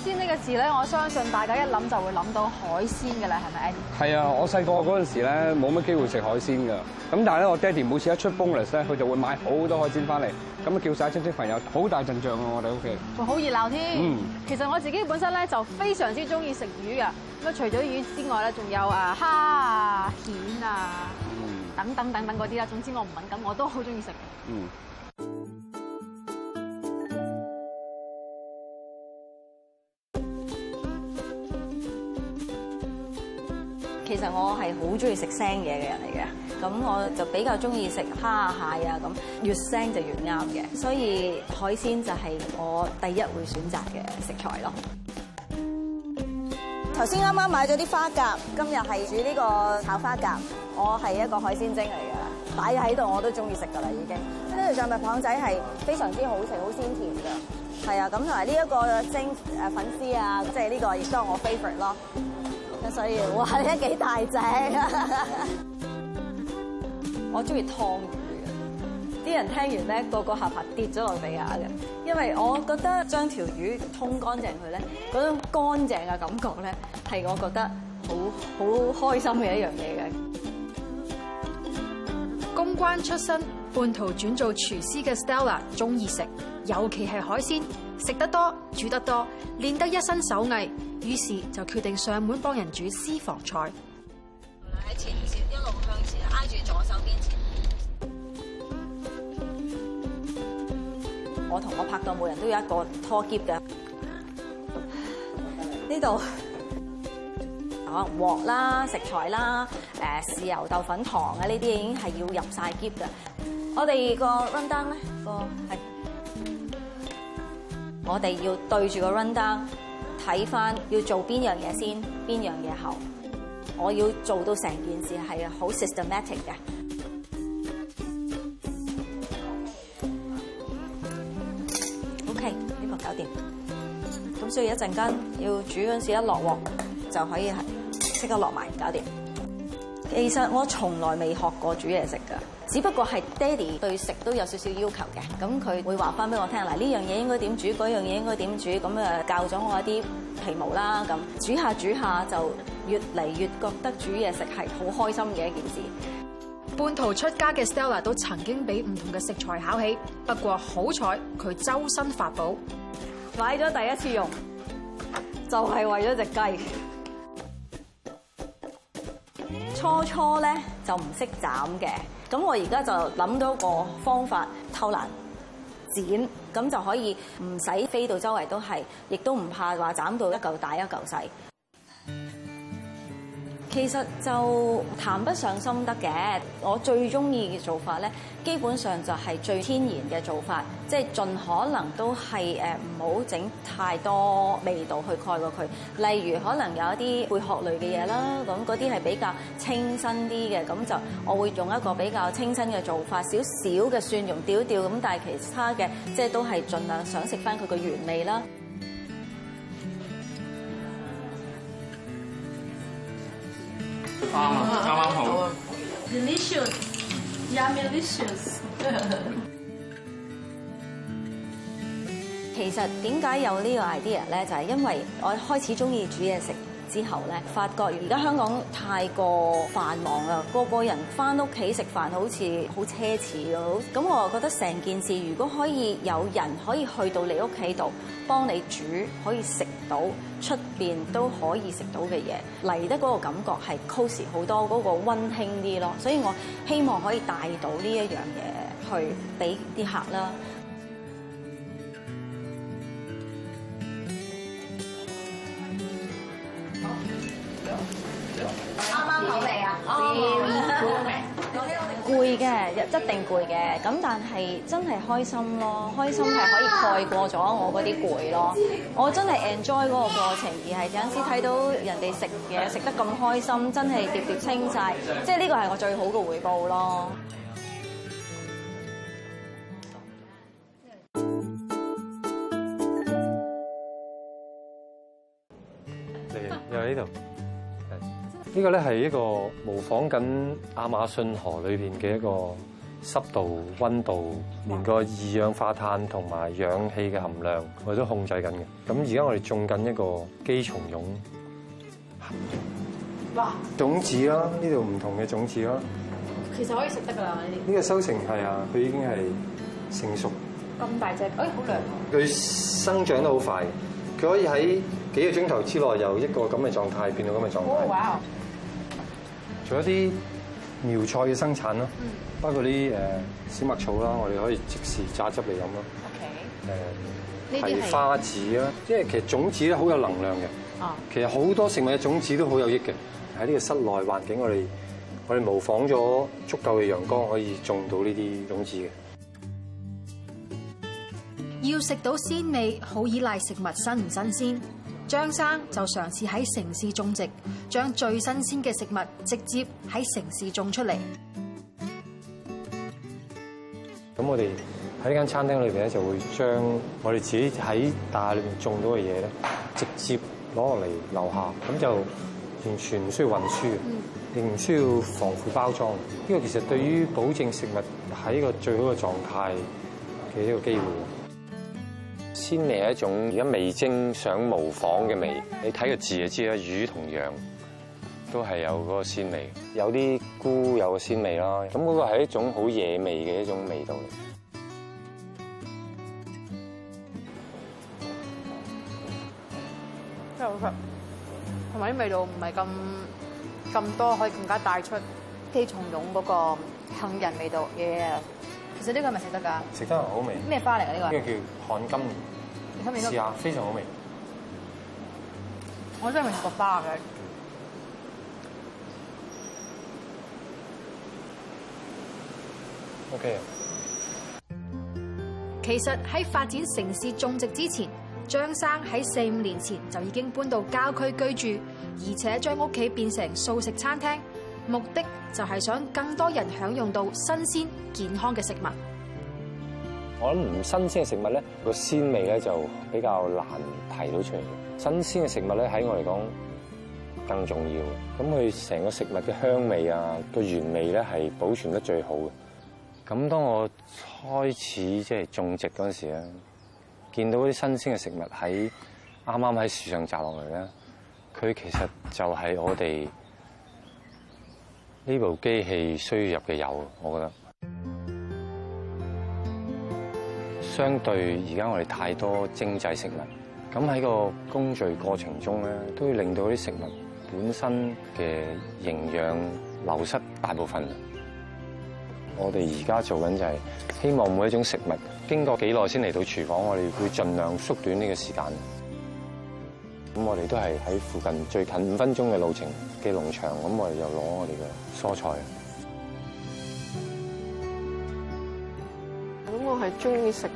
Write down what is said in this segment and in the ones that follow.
鮮呢個字咧，我相信大家一諗就會諗到海鮮㗎啦，係咪？係啊，我細個嗰陣時咧，冇乜機會食海鮮噶，咁但係咧，我爹哋每次一出 bonus 咧，佢就會買好多海鮮翻嚟，咁啊叫晒親戚朋友，好大陣仗啊。我哋屋企，仲好熱鬧添。嗯，其實我自己本身咧就非常之中意食魚噶，咁啊除咗魚之外咧，仲有啊蝦啊蜆啊，等等等等嗰啲啦。總之我唔敏感，我都好中意食嘅。嗯。其實我係好中意食腥嘢嘅人嚟嘅，咁我就比較中意食蝦、蟹啊，咁越腥就越啱嘅，所以海鮮就係我第一會選擇嘅食材咯。頭先啱啱買咗啲花甲，今日係煮呢個炒花甲，我係一個海鮮精嚟噶啦，擺喺度我都中意食噶啦已經。呢住再咪蚌仔係非常之好食，好鮮甜㗎。係啊，咁同埋呢一個蒸誒粉絲啊，即係呢個亦都係我 favourite 咯。所以哇，你幾大隻！我中意劏魚嘅，啲人聽完咧個個下巴跌咗落地下嘅，因為我覺得將條魚沖乾淨佢咧，嗰種乾淨嘅感覺咧，係我覺得好好開心嘅一樣嘢嘅。公關出身，半途轉做廚師嘅 Stella 中意食，尤其係海鮮，食得多，煮得多，練得一身手藝。於是就決定上門幫人煮私房菜。喺前線一路向前，挨住左手邊前邊。我同我拍檔每人都有一個拖篋嘅。呢度可能鑊啦、食材啦、誒、豉油、豆粉、糖啊，呢啲已經係要入晒篋嘅。我哋個 rundown 咧個係，我哋要對住個 rundown。睇翻要做邊樣嘢先，邊樣嘢後，我要做到成件事係好 systematic 嘅。OK，呢個搞掂。咁所以一陣間要煮嗰陣時一落鑊就可以係即刻落埋搞掂。其實我從來未學過煮嘢食㗎。只不過係爹哋對食都有少少要求嘅，咁佢會話翻俾我聽，嗱，呢樣嘢應該點煮，嗰樣嘢應該點煮，咁啊教咗我一啲皮毛啦，咁煮下煮下就越嚟越覺得煮嘢食係好開心嘅一件事。半途出家嘅 Stella 都曾經俾唔同嘅食材考起，不過好彩佢周身發寶，買咗第一次用就係、是、為咗隻雞。初初咧就唔識斬嘅。咁我而家就諗到個方法，偷懶剪，咁就可以唔使飛到周圍都係，亦都唔怕話斬到一嚿大一嚿細。其實就談不上心得嘅，我最中意嘅做法咧，基本上就係最天然嘅做法，即係盡可能都係誒唔好整太多味道去蓋過佢。例如可能有一啲貝殼類嘅嘢啦，咁嗰啲係比較清新啲嘅，咁就我會用一個比較清新嘅做法，少少嘅蒜蓉調調咁，但係其他嘅即係都係盡量想食翻佢個原味啦。啊，啱啱好啊！Delicious, yum delicious. 其實點解有呢個 idea 咧，就係因為我開始中意煮嘢食。之後咧，發覺而家香港太過繁忙啦，個個人翻屋企食飯好似好奢侈囉，咁我覺得成件事如果可以有人可以去到你屋企度幫你煮，可以食到出面都可以食到嘅嘢，嚟得嗰個感覺係 close 好多嗰個溫馨啲咯，所以我希望可以帶到呢一樣嘢去俾啲客啦。一定攰嘅，咁但係真係開心咯，開心係可以蓋過咗我嗰啲攰咯。我真係 enjoy 嗰個過程，而係有陣時睇到人哋食嘢食得咁開心，真係碟碟清晒，即係呢個係我最好嘅回報咯。你有冇？呢個咧係一個模仿緊亞馬遜河裏邊嘅一個濕度、溫度，連個二氧化碳同埋氧氣嘅含量，我都控制緊嘅。咁而家我哋種緊一個機蟲蛹，哇，種子咯，呢度唔同嘅種子咯。其實可以食得㗎啦，呢啲。呢個收成係啊，佢已經係成熟。咁大隻，誒、哎、好涼。佢生長得好快。佢可以喺幾個鐘頭之內由一個咁嘅狀態變到咁嘅狀態。哇！做一啲苗菜嘅生產咯，包括啲誒小麥草啦，我哋可以即時榨汁嚟飲咯。OK。誒，係花籽啦，即係其實種子咧好有能量嘅。啊。其實好多食物嘅種子都好有益嘅。喺呢個室內環境，我哋我哋模仿咗足夠嘅陽光，可以種到呢啲種子嘅。要食到鮮味，好依賴食物新唔新鮮。張生就嘗試喺城市種植，將最新鮮嘅食物直接喺城市種出嚟。咁我哋喺呢間餐廳裏邊咧，就會將我哋自己喺大廈裏面種到嘅嘢咧，直接攞落嚟樓下，咁就完全唔需要運輸，亦唔需要防腐包裝。呢個其實對於保證食物喺一個最好嘅狀態嘅一個機會。鮮味係一種而家味精想模仿嘅味，你睇個字就知啦。魚同羊都係有嗰個鮮味，有啲菇有個鮮味啦。咁嗰個係一種好野味嘅一種味道。真係好食，同埋啲味道唔係咁咁多，可以更加帶出雞蟲蛹嗰個杏仁味道。嘅、yeah。其實呢個咪食得噶，食得好味。咩花嚟噶呢個？呢個叫旱金蓮。試下，非常好味。我真係未食過花嘅。O K。其實喺發展城市種植之前張，張生喺四五年前就已經搬到郊區居住，而且將屋企變成素食餐廳。目的就係想更多人享用到新鮮健康嘅食物。我諗唔新鮮嘅食物咧，個鮮味咧就比較難提到出嚟。新鮮嘅食物咧，喺我嚟講更重要。咁佢成個食物嘅香味啊，個原味咧係保存得最好嘅。咁當我開始即係種植嗰陣時咧，見到啲新鮮嘅食物喺啱啱喺樹上摘落嚟咧，佢其實就係我哋。呢部機器需要入嘅油，我覺得。相對而家我哋太多精製食物，咁喺個工序過程中咧，都會令到啲食物本身嘅營養流失大部分。我哋而家做緊就係希望每一種食物經過幾耐先嚟到廚房，我哋會盡量縮短呢個時間。咁我哋都係喺附近最近五分鐘嘅路程嘅農場，咁我哋又攞我哋嘅蔬菜。咁我係中意食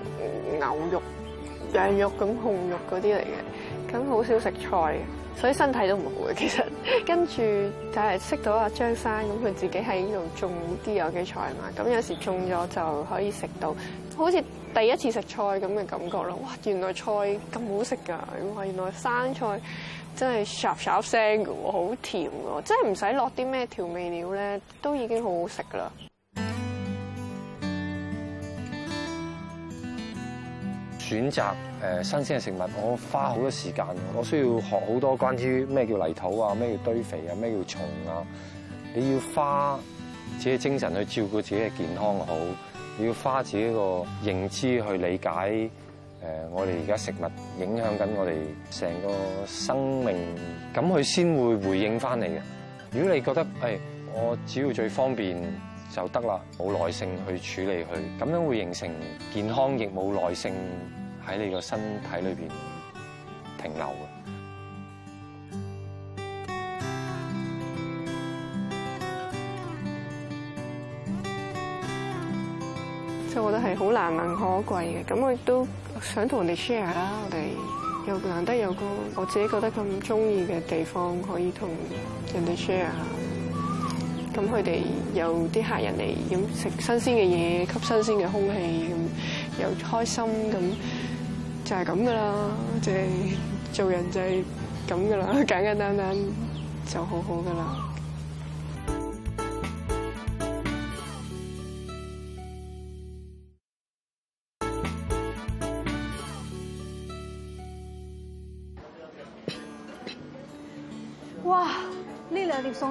牛肉、羊肉、咁紅肉嗰啲嚟嘅，咁好少食菜嘅，所以身體都唔好嘅。其實跟住就係識到阿張生，咁佢自己喺呢度種啲有機菜啊嘛，咁有時種咗就可以食到，好似。第一次食菜咁嘅感覺咯，哇！原來菜咁好食㗎，原來生菜真係霎霎聲㗎好甜㗎，即係唔使落啲咩調味料咧，都已經好好食㗎啦。選擇誒新鮮嘅食物，我花好多時間，我需要學好多關於咩叫泥土啊，咩叫堆肥啊，咩叫蟲啊。你要花自己嘅精神去照顧自己嘅健康好。要花自己個認知去理解，誒，我哋而家食物影響緊我哋成個生命，咁佢先會回應翻嚟嘅。如果你覺得誒，我只要最方便就得啦，冇耐性去處理佢，咁樣會形成健康亦冇耐性喺你個身體裏邊停留。我覺得係好難能可貴嘅，咁我亦都想同人哋 share 啦。我哋又難得有個我自己覺得咁中意嘅地方，可以同人哋 share 下。咁佢哋有啲客人嚟飲食新鮮嘅嘢，吸新鮮嘅空氣，又開心，咁就係咁噶啦。即係做人就係咁噶啦，簡簡單單就好好噶啦。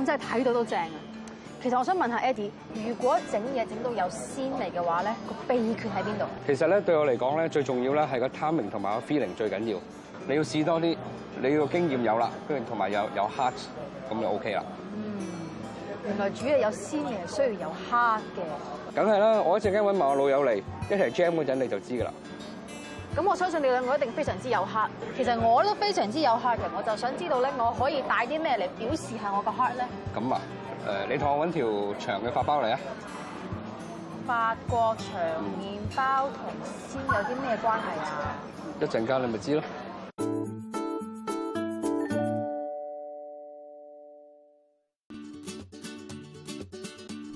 真係睇到都正啊！其實我想問下 Eddie，如果整嘢整到有鮮味嘅話咧，個秘訣喺邊度？其實咧對我嚟講咧，最重要咧係個 timing 同埋個 feeling 最緊要。你要試多啲，你要經驗有啦，跟住同埋有有 heart 咁就 OK 啦。嗯，原來煮嘢有鮮味係需要有 heart 嘅。梗係啦，我一陣間揾埋我老友嚟一齊 jam 嗰陣你就知㗎啦。咁我相信你兩個一定非常之有 heart。其實我都非常之有 heart 嘅，我就想知道咧，我可以帶啲咩嚟表示下我個 heart 咧？咁啊，誒，你同我揾條長嘅法包嚟啊！法國長麵包同鮮有啲咩關係啊？一陣間你咪知咯。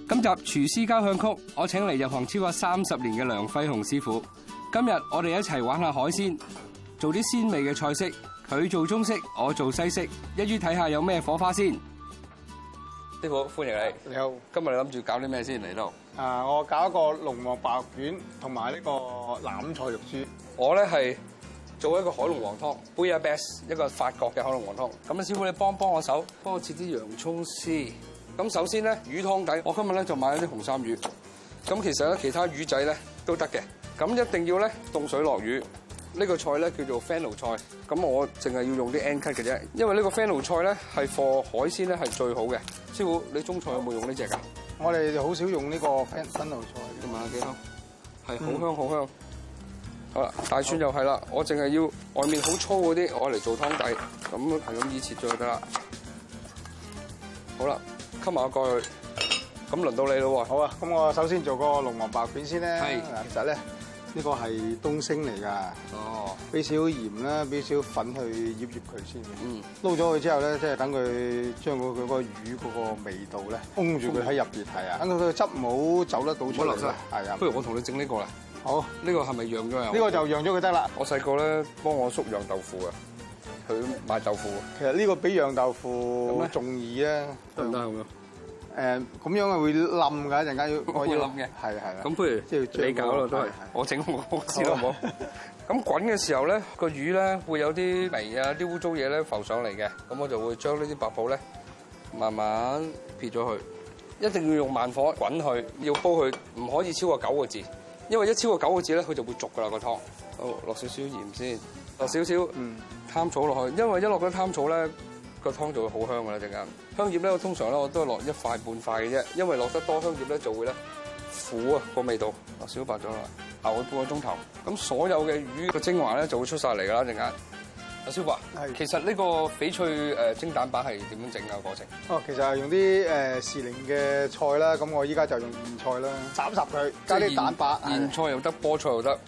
今集廚師交響曲，我請嚟入行超過三十年嘅梁輝雄師傅。今日我哋一齊玩下海鮮，做啲鮮味嘅菜式。佢做中式，我做西式，一於睇下有咩火花先。師傅，歡迎你，你好。今日你諗住搞啲咩先嚟到？啊，我搞一個龍王白卷，同埋呢個欖菜肉絲。我咧係做一個海龍王湯 Bouillabaisse、嗯、一個法國嘅海龍王湯。咁啊，師傅，你幫幫我手，幫我切啲洋蔥絲。咁首先咧，魚湯底，我今日咧就買咗啲紅衫魚。咁其實咧，其他魚仔咧都得嘅。咁一定要咧凍水落魚，呢個菜咧叫做 fennel 菜，咁我淨係要用啲 end cut 嘅啫，ut, 因為呢個 fennel 菜咧係放海鮮咧係最好嘅。師傅，你中菜有冇用呢隻噶？我哋好少用呢個 fennel 菜。聞下幾多？係好香好香。香嗯、好啦，大蒜就係啦，我淨係要外面好粗嗰啲，我嚟做湯底，咁係咁以切咗得啦。好啦，吸埋我過去，咁輪到你喇喎。好啊，咁我首先做個龍王白卷先咧。係是，其實咧。呢個係東星嚟㗎，哦，俾少鹽啦，俾少粉去醃醃佢先，嗯，撈咗佢之後咧，即係等佢將佢個魚嗰個味道咧，封住佢喺入邊係啊，等佢個汁冇走得到出嚟，係啊的，不如我同你整呢個啦，好，呢個係咪釀咗呀？呢個就釀咗佢得啦，我細個咧幫我叔釀豆腐啊，佢賣豆腐，其實呢個比釀豆腐仲易啊，都係咁樣。誒咁樣係會冧㗎，陣間要我要冧嘅，係係啦。咁不如即係你搞咯都係，我整我我試過冇。咁滾嘅時候咧，個魚咧會有啲泥啊、啲污糟嘢咧浮上嚟嘅，咁我就會將呢啲白布咧慢慢撇咗去。一定要用慢火滾佢，要煲佢唔可以超過九個字，因為一超過九個字咧，佢就會濁㗎啦個湯。好落少少鹽先，落少少貪草落去，因為一落咗貪草咧，個湯就會好香㗎啦陣間。香葉咧，我通常咧我都係落一塊半塊嘅啫，因為落得多香葉咧就會咧苦啊個味道。落少白咗啦，熬佢半個鐘頭。咁所有嘅魚個精華咧就會出晒嚟㗎啦，陣間。阿小伯，係其實呢個翡翠誒蒸蛋白係點樣整啊？過程哦，其實係用啲誒時令嘅菜啦，咁我依家就用莧菜啦，斬霎佢加啲蛋白，莧菜又得，菠菜又得，誒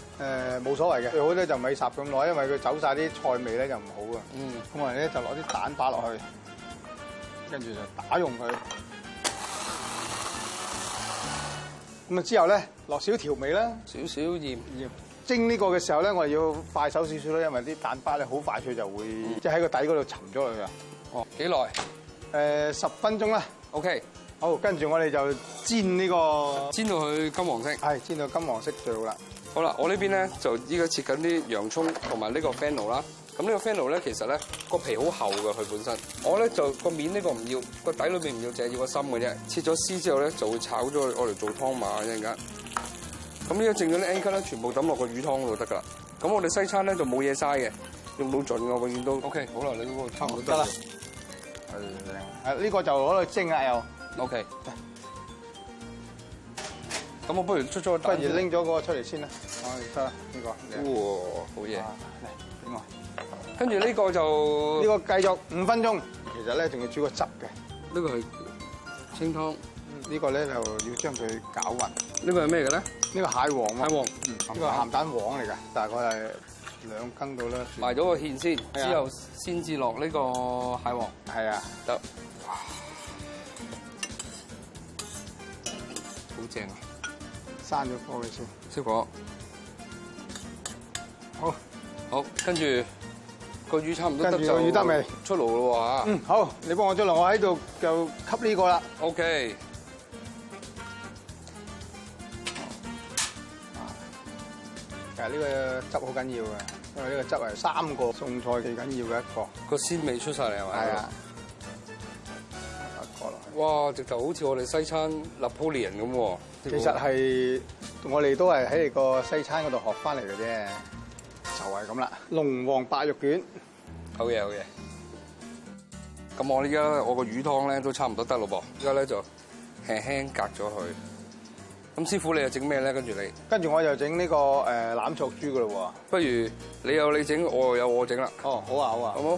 冇所謂嘅。最好咧就唔係霎咁耐，因為佢走晒啲菜味咧就唔好啊。嗯，咁我哋咧就攞啲蛋白落去。跟住就打溶佢，咁啊之後咧落少調味啦，少少許鹽鹽。蒸呢個嘅時候咧，我哋要快手少少啦，因為啲蛋白咧好快脆就會即喺個底嗰度沉咗去㗎久。哦、呃，幾耐？誒，十分鐘啦。OK，好，跟住我哋就煎呢個，煎到佢金黃色，係煎到金黃色最好啦。好啦，我這邊呢邊咧就依家切緊啲洋葱同埋呢個檸檬啦。咁呢個 fillet 咧，其實咧個皮好厚㗎，佢本身。我咧就面個面呢個唔要，個底裏面唔要，淨係要個心嘅啫。切咗絲之後咧，就會炒咗攞嚟做湯嘛。一陣間。咁呢個剩咗啲 ankle 咧，全部抌落個魚湯度得噶啦。咁我哋西餐咧就冇嘢嘥嘅，用到盡嘅，永遠都 OK。好啦，你嗰個差唔多得啦。係。誒呢個就攞嚟蒸啊又。OK 好。咁我不如出咗，不如拎咗嗰個出嚟先啦。得啦好，呢、這個。哇、哦，好嘢。嚟，俾我。跟住呢個就呢個繼續五分鐘，其實咧仲要煮個汁嘅。呢個係清湯，呢個咧就要將佢攪勻。呢個係咩嘅咧？呢個蟹黃蟹黃，呢個鹹蛋黃嚟，噶，大概係兩斤到啦。埋咗個芡先，之後先至落呢個蟹黃。係啊，得，好正啊！刪咗火嘅先，燒火，好好，跟住。個魚差唔多得就，出爐咯喎嚇！嗯，好，你幫我出爐，我喺度就吸呢個啦。O K。啊，其實呢個汁好緊要嘅，因為呢個汁係三個餸菜最緊要嘅一個，個鮮味出曬嚟係咪？係啊。啊，過來。哇！直頭好似我哋西餐拿破崙咁喎。其實係我哋都係喺個西餐嗰度學翻嚟嘅啫。就係咁啦，龍皇白肉卷，好嘢好嘢。咁我，我呢家我個魚湯咧都差唔多得咯噃，依家咧就輕輕隔咗佢。咁師傅你又整咩咧？跟住你，跟住我就整呢、這個誒攬、呃、豬豬噶咯。不如你有你整，我又有我整啦。哦，好啊好啊，好冇？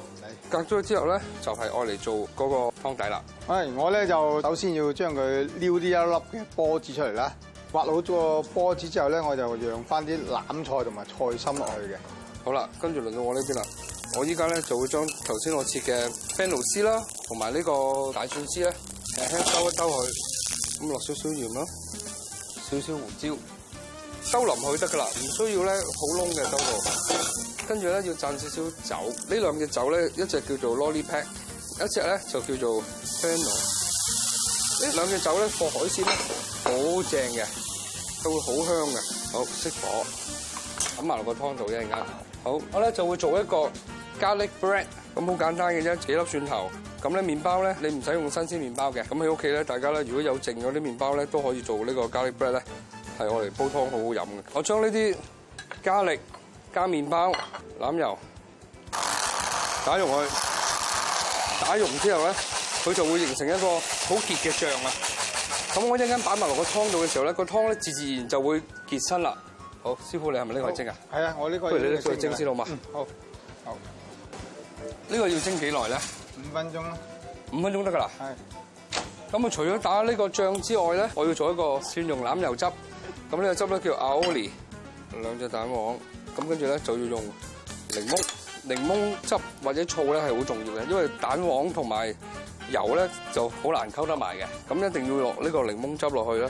隔咗之後咧，就係愛嚟做嗰個湯底啦。誒、哎，我咧就首先要將佢撩啲一粒嘅波子出嚟啦。挖好咗個波子之後咧，我就揚返啲欖菜同埋菜心落去嘅。好啦，跟住輪到我呢邊啦。我依家咧就會將頭先我切嘅番椒絲啦，同埋呢個大蒜絲咧，輕輕兜一兜佢。咁落少少鹽啦，少少胡椒，收，淋去得㗎喇，唔需要咧好窿嘅兜落。跟住咧要浸少少酒，呢兩隻酒咧，一隻叫做 Lolly Pack，一隻咧就叫做 Fennel。呢兩隻酒咧，放海鮮咧。好正嘅，都會好香嘅，好熄火，揼埋落個湯度一陣間。好，我咧就會做一個咖喱 bread，咁好簡單嘅啫，幾粒蒜頭。咁咧麵包咧，你唔使用新鮮麵包嘅，咁喺屋企咧，大家咧如果有剩嗰啲麵包咧，都可以做呢個咖喱 bread 咧，係我嚟煲湯好好飲嘅。我將呢啲咖喱加麵包欖油打溶去，打溶之後咧，佢就會形成一個好結嘅醬喇。咁我一陣間擺埋落個湯度嘅時候咧，個湯咧自自然就會結身啦。好，師傅你係咪呢個蒸啊？係啊，我呢個,、嗯、個要蒸先好嘛？好，呢個要蒸幾耐咧？五分鐘啦，五分鐘得噶啦。係。咁啊，除咗打呢個醬之外咧，我要做一個蒜蓉欖油汁。咁呢個汁咧叫 Aioli，兩隻蛋黃。咁跟住咧就要用檸檬檸檬汁或者醋咧係好重要嘅，因為蛋黃同埋。油咧就好難溝得埋嘅，咁一定要落呢個檸檬汁落去啦。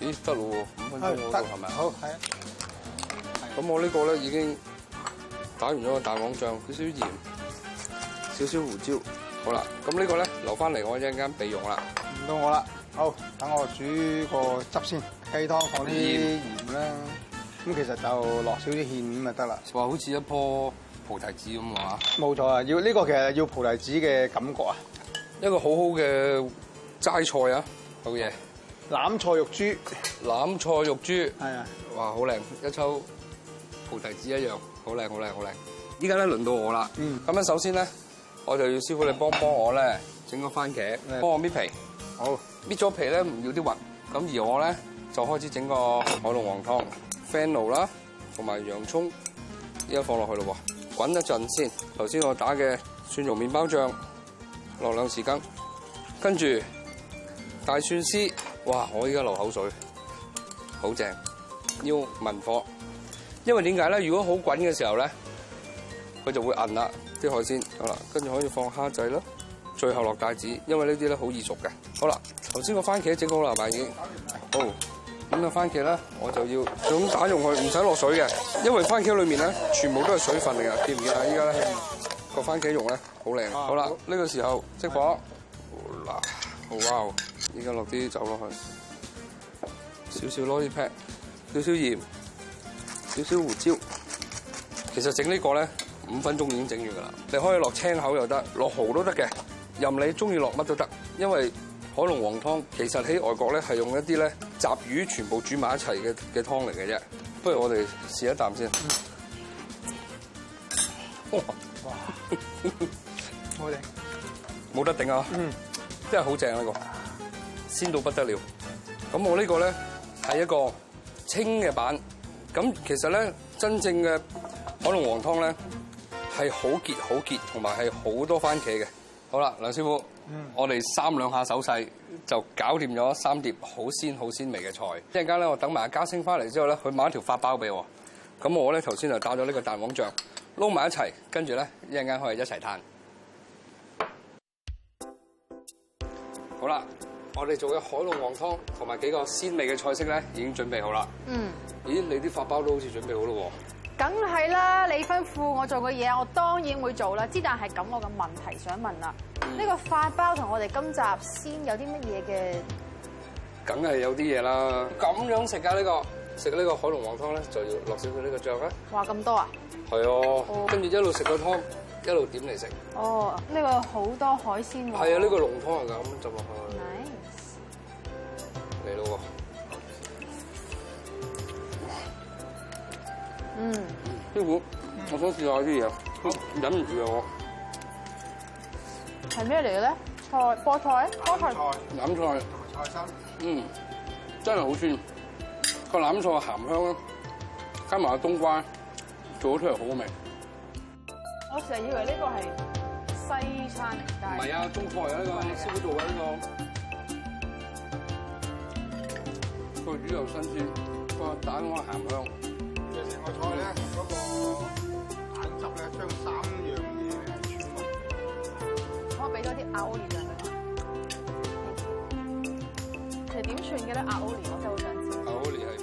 咦，得咯喎，五分鐘喎。得係咪？好，係啊。咁我個呢個咧已經打完咗個蛋黃醬，少少鹽，少少胡椒。好啦，咁呢個咧留翻嚟我一陣間備用啦。唔到我啦，好，等我煮個汁先。雞湯放啲鹽啦。咁鹽其實就落少啲芡咁咪得啦。哇，好似一樖～菩提子咁話！冇錯啊，要呢個其實要菩提子嘅感覺啊，一個好好嘅齋菜啊，好嘢。攬菜肉豬，攬菜肉豬，係啊，哇，好靚一抽菩提子一樣，好靚好靚好靚。依家咧，輪到我啦。嗯，咁樣，首先咧，我就要師傅你幫幫我咧，整個番茄幫我搣皮，好搣咗皮咧，唔要啲核。咁而我咧就開始整個海龍王湯，fennel 啦，同埋洋葱，依家放落去咯喎。滾一陣先，頭先我打嘅蒜蓉麵包醬落兩匙羹，跟住大蒜絲，哇！我依家流口水，好正，要文火，因為點解咧？如果好滾嘅時候咧，佢就會韌啦。啲海鮮好啦，跟住可以放蝦仔咯，最後落帶子，因為呢啲咧好易熟嘅。好啦，頭先個番茄整好啦，我已經，好。咁啊，番茄啦，我就要咁打用佢，唔使落水嘅，因為番茄裏面咧，全部都係水分嚟噶見唔見啊？依家咧個番茄用咧，好靚。好啦，呢個時候熄火。的好啦，好哇、哦！依家落啲酒落去，少少羅勒片，少少鹽，少少鹽，少少胡椒。其實整呢個咧，五分鐘已經整完噶啦。你可以落青口又得，落蠔都得嘅，任你中意落乜都得，因為。海龍皇湯其實喺外國咧，係用一啲咧雜魚全部煮埋一齊嘅嘅湯嚟嘅啫，不如我哋試一啖先。哇！哇 好的！開定、嗯，冇得頂啊！嗯，真係好正呢個，鮮到不得了。咁我呢個咧係一個清嘅版。咁其實咧真正嘅海龍皇湯咧，係好杰好杰，同埋係好多番茄嘅。好啦，梁師傅。我哋三兩下手勢就搞掂咗三碟好鮮好鮮味嘅菜。一陣間咧，我等埋阿家升翻嚟之後咧，佢買一條發包俾我。咁我咧頭先就打咗呢個蛋黃醬撈埋一齊，跟住咧一陣間可以一齊嘆。好啦，我哋做嘅海龍皇湯同埋幾個鮮味嘅菜式咧，已經準備好啦。嗯。咦？你啲發包都好似準備好咯喎。梗係啦，你吩咐我做嘅嘢，我當然會做啦。之但係咁，我嘅問題想問啦。呢個法包同我哋今集先有啲乜嘢嘅？梗係有啲嘢啦。咁樣食啊、呢個！呢個食呢個海龍皇湯咧，就要落少少呢個醬啊！哇！咁多啊？係啊對，跟住、哦、一路食個湯，一路點嚟食。哦，呢、呢個好多海鮮喎、那個。係啊，呢、呢個龍湯㗎，咁就落去 Nice，嚟咯！嗯，師傅，呢碗我想試下呢啲嘢，忍唔住啊我。係咩嚟嘅咧？菜、菠菜，菠菜，欖菜，菜心，嗯，真係好酸。個欖菜鹹香咯，加埋冬瓜，做得出嚟好好味。我成日以為呢個係西餐嚟，但係唔係啊？中菜呢、呢個你師傅做嘅呢、呢個，個魚又新鮮，個蛋又鹹香。其實個菜咧，嗰個蛋汁咧，將三。嗰啲阿 O 連啊，其實點算嘅咧？阿 O 連，我真係好想知。阿